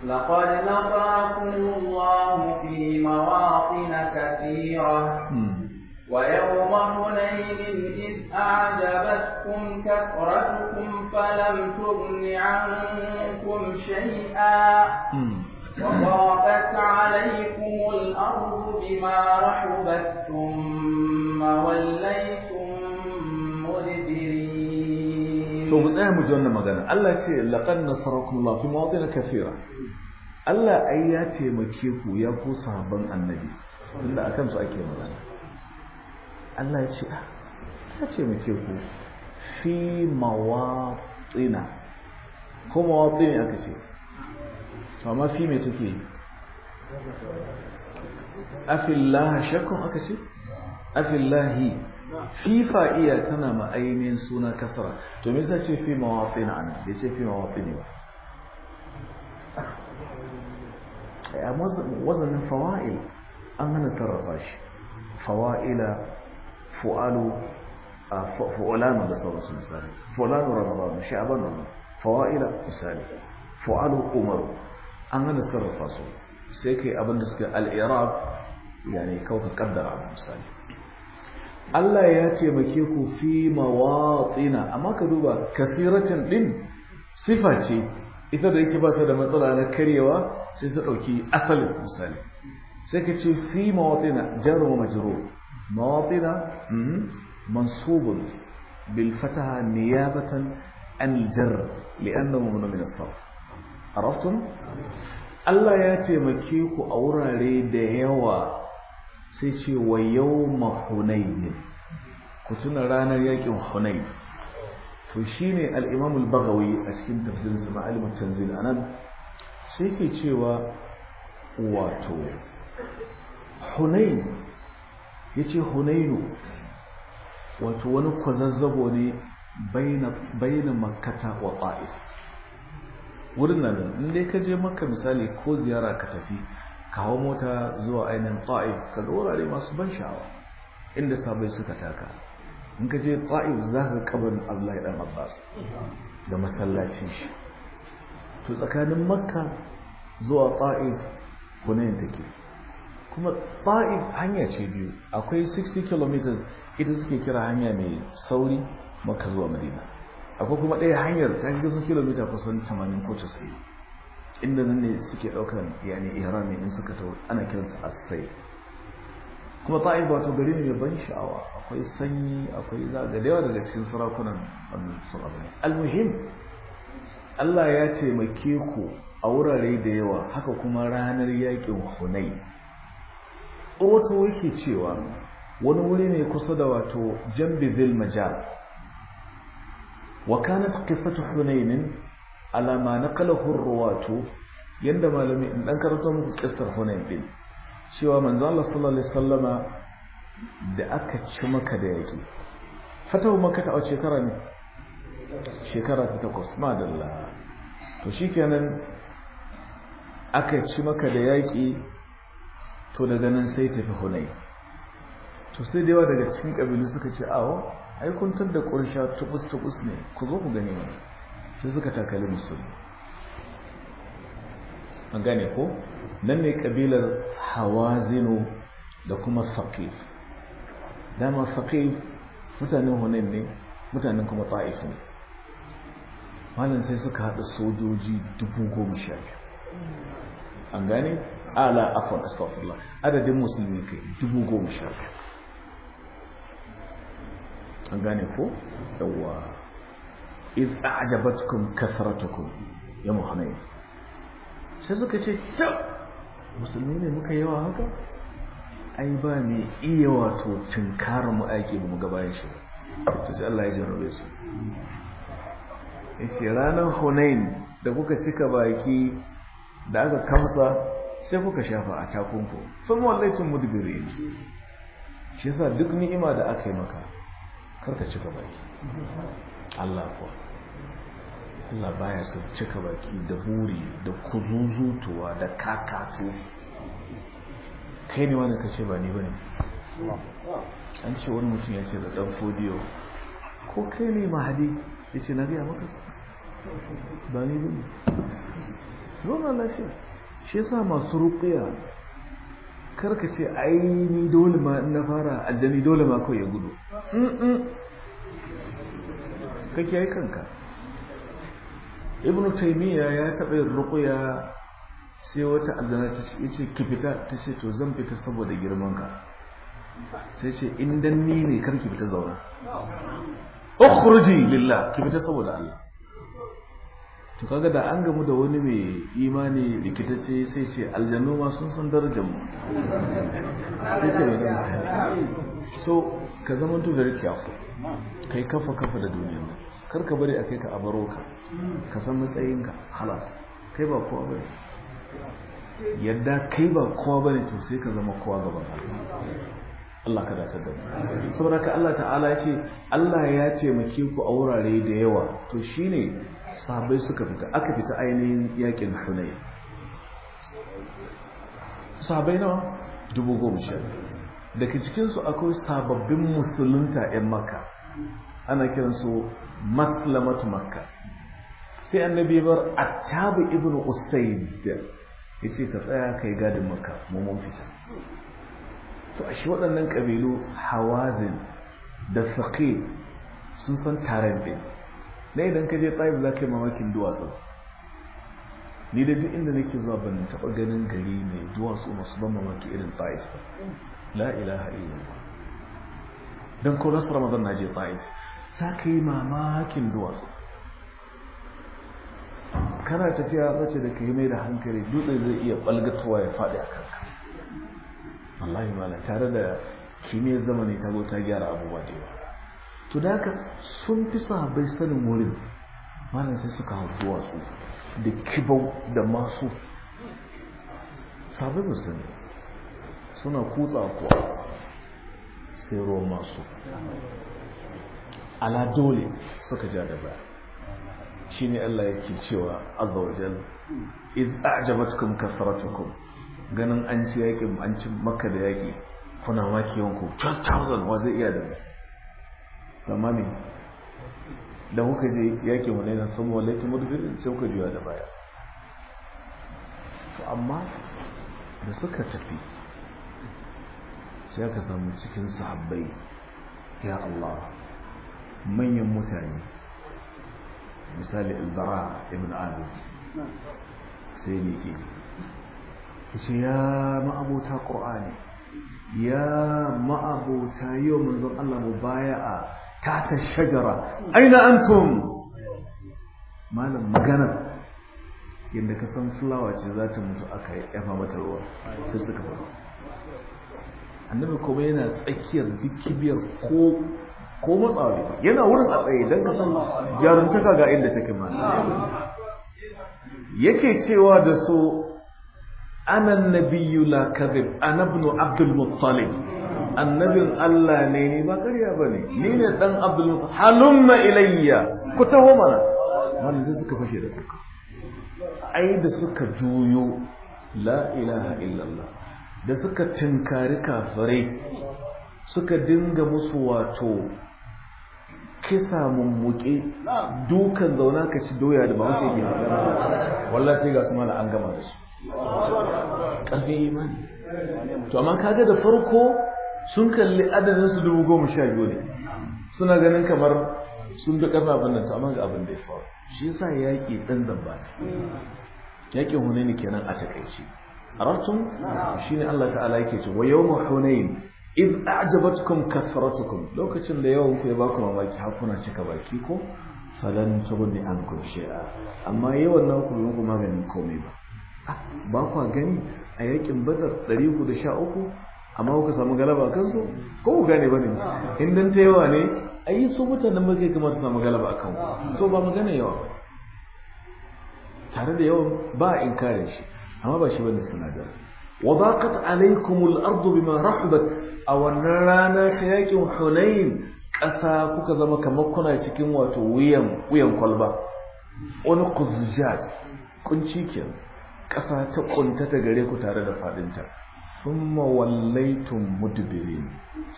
لقد نصركم الله في مواطن كثيرة hmm. ويوم حنين إذ أعجبتكم كثرتكم فلم تغن عنكم شيئا وضاقت عليكم الأرض بما رحبت ثم وليتم مدبرين ثم نعم جوانا قالنا ألا شيء لقد نصركم الله في مواطن كثيرة ألا أياتي مكيكو taimake ku النبي إلا أكم سؤال tunda akan Allah ya ce ah, ta ce mu ke ku fi mawatsina ko mawatsina aka ce amma fi mai tuki yi afillaha shakkun aka ce afillahi fi fa'iya tana ma'ainihin suna kasara to me sa ce fi mawatsina ana, da ce fi mawatsina ba wazanin fawa'il an hana sarrafa shi fawa'ila fu'alu fu'ulanu da sauransu misali fu'ulanu ramadan sha'ban ramadan fawa'ila misali fu'alu umaru an hana sarrafa su sai kai abin da suka al-i'rab yani ka kaddara abu misali Allah ya taimake ku fi mawatina amma ka duba kasiratin din sifa ce ita da yake ba ta da matsala na karyewa sai ta dauki asalin misali sai ka ce fi mawatina jaru majrur ناطرة منصوب بالفتحة نيابة عن الجر لأنه ممنوع من الصرف عرفتم؟ الله ياتي مكيكو أورا ريديوا سيشي ويوم حنين كتنا رانا ياكي حنين فشيني الإمام البغوي أشكين تفسير سماع علم التنزيل أنا سيكي تشيوا واتو حنين ya ce hunainu wato wani kwazazzabo ne baina makata wa ta'if wurin nan in dai ka je maka misali ko ziyara ka tafi ka hau mota zuwa ainihin ta'if ka ga wurare masu ban sha'awa inda sabai suka taka in ka je ta'if za ka kabarin abdullahi dan abbas da masallacin shi to tsakanin makka zuwa ta'if hunain take kuma ta'if hanya ce biyu akwai 60 kilometers ita suke kira hanya mai sauri maka zuwa madina akwai kuma ɗaya hanyar ta fi kusan kilomita kusan 80 ko 90 inda nan ne suke ɗaukar yani ihrami in suka tawo ana kiransa asai kuma ta'if wato gari ne ban sha'awa akwai sanyi akwai zaga da yawa daga cikin sarakunan wannan sarakunan almuhim Allah ya taimake ku a wurare da yawa haka kuma ranar yakin hunai. tsoto yake cewa wani wuri ne kusa da wato jambizil majal wa kanat qissatu hunainin alama na kalahun ruwato yadda malami in dan karanto muku qissar hunain bin cewa manzo Allah sallallahu alaihi wasallama da aka ci maka da yaki fatahu maka ta shekara ne shekara ta takwas ma Allah to shikenan aka ci maka da yaki to daga nan sai tafi hunai to sai da yawa daga cikin ƙabilu suka ce awo ai kuntar da ƙursha tubus tubus ne ku zo ku gani wani, sai suka takali musulmi an gane ko nan ne ƙabilar hawazinu da kuma faƙif dama faƙif mutanen hunain ne mutanen kuma ta'if ne malam sai suka haɗa sojoji dubu goma sha biyu an gane ala afwan astaghfirullah adadin musulmi kai dubu goma sha an gane ko yawa iz a'jabatkum kasratukum ya muhammad sai suka ce tab musulmi ne muka yawa haka ai ba ne iya wato tunkarar mu aiki mu ga bayan shi to sai Allah ya jarrabe su yace ranar Hunain da kuka cika baki da aka kamsa sai kuka shafa a takunku sun wallaitun mudbiri shi sa duk ni'ima da aka yi maka karka cika baki Allah kuwa Allah baya sun cika baki da buri da kuzuzutuwa da kakatu kai ne wani kashe ba ni ba ne an ce wani mutum ya ce da dan fodiyo ko kai ne mahadi ya ce na gaya maka ba ni ba ne zauna lafiya shi yasa masu ruqiya karka ce ai ni dole ma na fara aljani dole ma kawai ya gudu ka yi kanka ibnu taimiyya ya taɓa yin ruqiya sai wata aljana ta ce ki fita ta ce to zan fita saboda girman ka sai ce in dan ni ne kar ki fita zaura ukhruji lillah ki fita saboda Allah to kaga da an gamu da wani mai imani rikitacce sai ce aljanu ma sun san darajar mu sai ce mai so ka zama to da rikiyafu kai kafa kafa da duniya kar ka bari a kai ka baro ka ka san matsayinka halas kai ba kowa bane yadda kai ba kowa bane to sai ka zama kowa gaban Allah ka dace da mu saboda ka Allah ta'ala ya ce Allah ya ce taimake ku a wurare da yawa to shine Sahabai suka fita aka fita ainihin yakin hunayn Sahabai nawa dubu goma sha daga cikinsu akwai sababbin musulunta 'yan makka ana kiransu maslamatu makka sai annabi bar attabi Ibn usaid ya ce ka tsaya kai yi gadin makka mun fita to a shi waɗannan ƙabilu hawazin da faƙi sun san taron ɗin na idan ka je tsayin za ka yi mamakin duwatsu ni da duk inda nake zuwa ban taɓa ganin gari mai duwatsu masu ban mamaki irin tsayin la ilaha illallah don ko nasu ramadan na je tsayin za ka yi mamakin duwatsu kana tafiya zace da ka yi mai da hankali dutse zai iya balgatowa ya faɗi a kanka wallahi mala tare da kimiyyar zamani ta zo ta gyara abubuwa da yawa to da haka sun fi sahabbai sanin wurin malam sai suka hau su da kibau da masu sahabbai ba sani suna kutsa kuwa sai ruwan masu ala dole suka ja da baya shi ne Allah yake cewa azawajal iz a'jabatkum kasratukum ganin an ci yaƙin an ci maka da yaƙi kuna maki yawanku 12,000 wa zai iya da amma da kuka je yakin hunain na samu walaitu mudbirin sai kuka juya da baya to amma da suka tafi sai ka samu cikin sahabbai ya Allah manyan mutane misali albara ibn azib sai ne ke ya ma'abota ƙorani ya ma'abota yau manzon Allah mu baya a تحت الشجرة أين أنتم ما لم مغانا yadda ka san fulawa ce za ta mutu aka yafa mata ruwa sai suka faru annabi kuma yana tsakiyar bikibiyar ko ko matsawa yana wurin a tsaye don ka san jaruntaka ga inda take ma yake cewa da su anan nabiyyu la kadhib ana ibn abdul annabin Allah ne ni ba karya ba ne ni ne ɗan abdul halumma ilayya ku taho mana wanda zai suka fashe da kuka ai da suka juyo la ilaha illallah da suka tinkari kafare suka dinga musu wato kisa mummuke dukan zauna ka ci doya da ba wasu yake wallahi sai ga su mana an gama da su ƙarfin imani to amma kaga da farko sun kalli adadin su dubu goma sha biyu ne suna ganin kamar sun bi abin nan to amma ga abin da ya faru shi yasa yaƙi ɗan zamba ne yaƙin hunaini kenan a takaice shi ne Allah ta'ala yake ce wa yawma hunain id a'jabatkum kathratukum lokacin da yawan ku ya baku mamaki har kuna cika baki ko falan an ankum shay'a amma yawan nan ku ku maganin komai ba ah, ba kwa gani a yakin badar 413 amma kuka samu galaba su? ko ku gane bane in dan ta yawa ne ai su mutanen ba kai kamar su samu galaba a ku. so ba magana yawa ba tare da yawan ba in kare shi amma ba shi bane sinadar wa baqat alaykum al-ardu bima rahabat a wannan rana ta yakin hunain ƙasa kuka zama kamar kuna cikin wato wuyan wuyan kwalba wani kuzujat kunci kenan ƙasa ta ta gare ku tare da fadinta thumma wallaytum mudbirin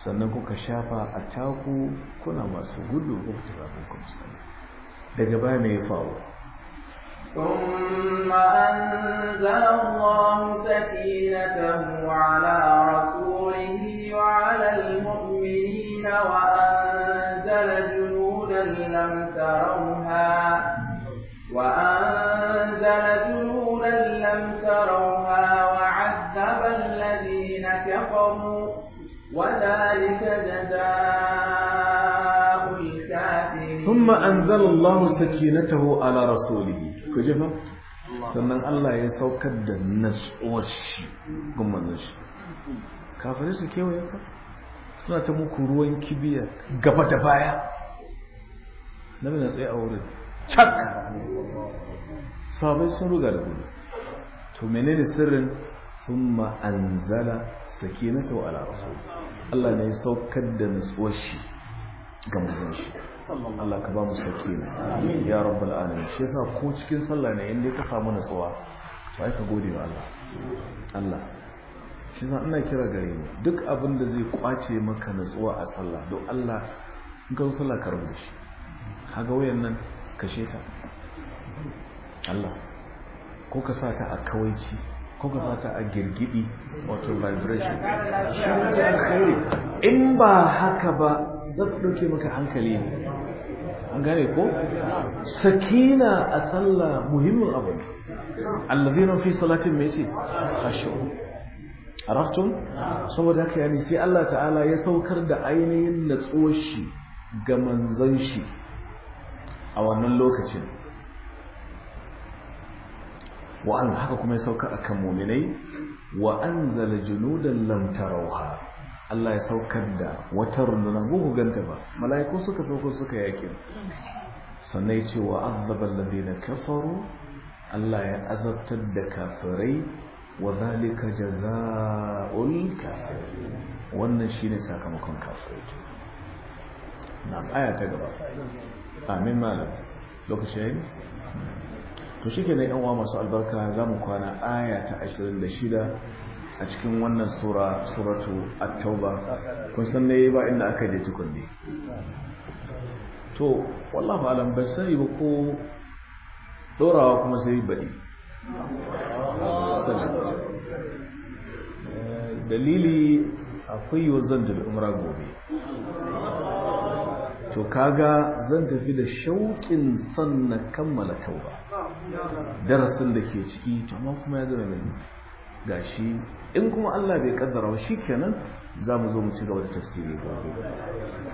sannan kuka shafa a taku kuna masu gudu ku tarabukum daga baya me ya faru ثم أنزل الله سكينته على رسوله وعلى المؤمنين وأنزل جنودا لم تروها وأنزل جنودا لم تروها كفروا وذلك جزاء الكافرين ثم أنزل الله سكينته على رسوله كجفا sannan Allah ya saukar da nasuwar shi gummanin shi kafirai su kewaye ka suna ta muku ruwan kibiya gaba da baya na na tsaye a wurin cak sabai sun ruga da gudu to menene sirrin thumma anzala sakinatahu ala rasul Allah ne ya saukar da nutsuwar shi ga manzon shi Allah ka ba mu sakina ya rabbal alamin shi yasa ko cikin sallah ne inda ka samu nutsuwa sai ka gode wa Allah Allah shi yasa ina kira gare ni duk abin da zai kwace maka nutsuwa a sallah don Allah in ka sallah ka rubuta shi kaga wayan nan kashe ta Allah ko ka sa ta a kawaici buga fata a girgidi wato vibration shi ne alkhairi in ba haka ba za ta ɗauke maka hankali ne an gane ko sakina a sallah muhimmin abu ne allazina fi salatin mai ce khashu'u araftum saboda haka yani sai Allah ta'ala ya saukar da ainihin natsuwar shi ga manzon shi a wannan lokacin wa'an haka kuma ya sauka a kan muminai wa'an zala junudan lantarauha Allah ya saukar da wata runduna buhu ganta ba mala'iku suka sauko suka yakin sannan ya ce wa azzabar na kafaru Allah ya azabtar da kafirai wa zalika jaza'ul kafirin wannan shine sakamakon kafirai na aya ta gaba amin malam lokacin to shi kenan yan uwa masu albarka za mu kwana aya ta ashirin da shida a cikin wannan sura suratu at-tauba kun san ne ba inda aka je tukun ne. to wallahi alam ban sai ba ko dorawa kuma sai baɗi dalili akwai wa zan tafi umra gobe to kaga zan tafi da shauƙin son na kammala tauba darasin da ke ciki to amma kuma ya zama mai gashi in kuma Allah bai kaddara ba kenan za mu zo mu ci gaba da tafsiri gobe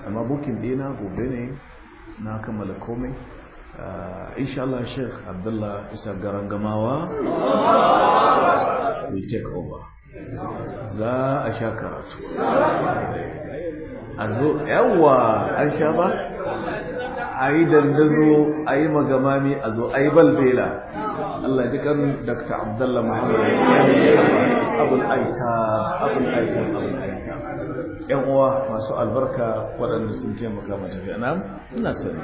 amma bukin dina gobe ne na kammala komai ah, insha Allah Sheikh Abdullah Isa Garangamawa will take over za a sha karatu a zo yawwa an sha ba a yi dandazo a yi magamami a zo a yi balbela Allah ji kan Dr. Abdullah Muhammad abul aita abul aita abul aita yan uwa masu albarka waɗanda sun maka mata fi anam ina sani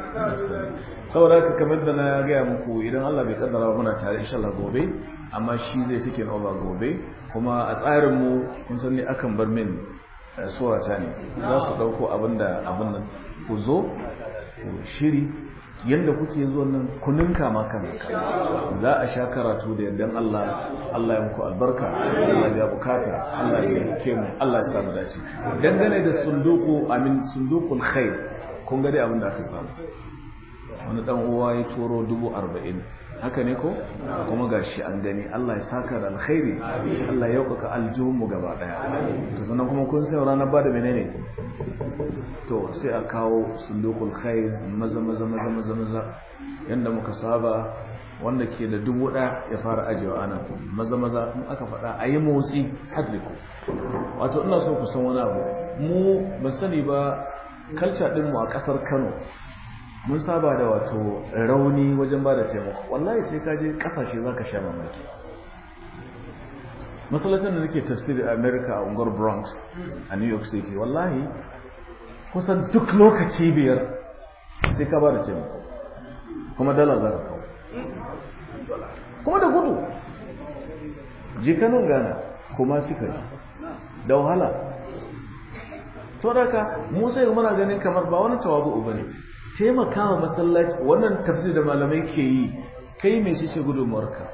saboda haka kamar da na gaya muku idan Allah bai kaddara muna tare insha Allah gobe amma shi zai take nawa gobe kuma a tsarin mu kun san akan bar min eh, surata ne za su ɗauko abin da abin nan ku zo shiri yadda kuke zuwa nan kunin kama kan za a sha karatu da yardan Allah Allah ya muku albarka Allah ya bukata Allah ya taimake mu Allah ya samu dace dangane da sunduku amin sundukul khair kun ga dai abin da aka samu wani dan uwa ya turo dubu arba'in haka ne ko kuma gashi an gani Allah ya saka da alkhairi Allah ya yaukaka aljihunmu gaba daya to sannan kuma kun sai ba bada menene to sai a kawo sundukul khair maza maza maza maza maza yanda muka saba wanda ke da dubu daya ya fara ajiyewa ana maza maza in aka faɗa a yi motsi hadliku wato ina so ku san wani abu mu ban sani ba kalca ɗinmu a ƙasar kano mun saba da wato rauni wajen ba da taimako wallahi sai ka je kasashe za ka sha mamaki masallacin da nake tafsiri a america a unguwar bronx a new york city wallahi kusan duk lokaci biyar sai ka ba da taimako kuma dala za ka kawo kuma da gudu jikanin gana kuma ka yi da wahala to daga musa yi muna ganin kamar ba wani tawabu ba ne taimaka wa masallaci wannan tafsir da malamai ke yi kai mai ce gudunmuwarka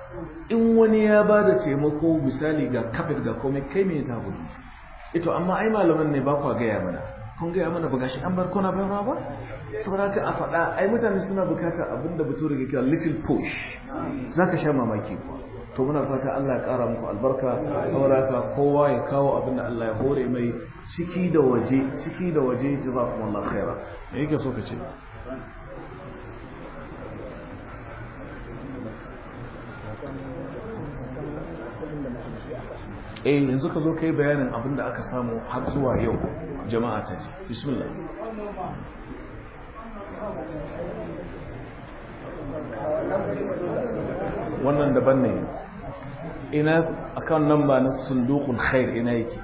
in wani ya ba da taimako misali ga kafin ga komai kai mai ta gudu ito amma ai malaman ne ba kwa gaya mana kun gaya mana ba gashi an bar kuna bayan ba saboda ka a faɗa ai mutane suna bukatar abin da bature ke kira little push za ka sha mamaki to muna fata Allah ya ƙara muku albarka saboda ka kowa ya kawo abin da Allah ya hore mai ciki da waje ciki da waje jazakumullahu ba, me yake so ka ce eh yanzu ka zo ka yi bayanin abin da aka samu har zuwa yau jama'a ta ji bismillah wannan daban ne ina akan namba na sundukun khair ina yake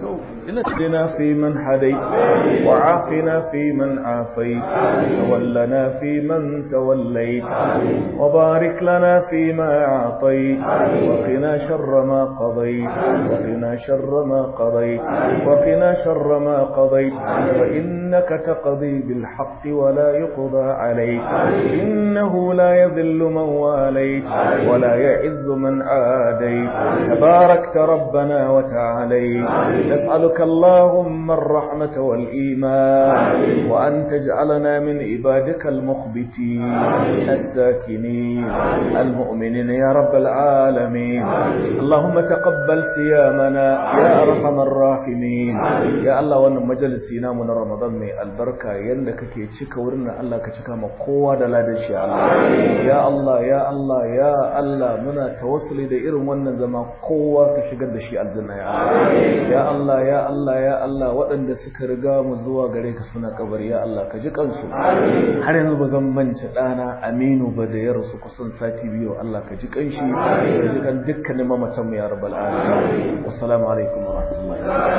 to اهدنا في من هديت وعافنا في من عافيت تولنا في من توليت وبارك لنا فيما أعطيت وقنا شر ما قضيت وقنا شر ما قضيت وقنا شر ما قضيت فإن إنك تقضي بالحق ولا يقضى عليك إنه لا يذل من واليت ولا يعز من عاديت تباركت ربنا وتعاليت نسألك اللهم الرحمة والإيمان وأن تجعلنا من عبادك المخبتين الساكنين المؤمنين يا رب العالمين اللهم تقبل صيامنا يا أرحم الراحمين يا الله وأن مجلسنا من رمضان mai albarka yadda kake cika wurin da Allah ka cika ma kowa da ladan shi ya Allah ya Allah ya Allah muna tawassuli da irin wannan zama kowa ka shigar da shi aljanna ya ya Allah ya Allah ya Allah waɗanda suka riga mu zuwa gare ka suna kabari ya Allah ka ji kansu har yanzu ba zan manta ɗana Aminu ba da ya rasu kusan sati biyu Allah ka ji kanshi ka ji kan dukkanin mamatan mu ya rabbal alamin assalamu alaikum wa rahmatullahi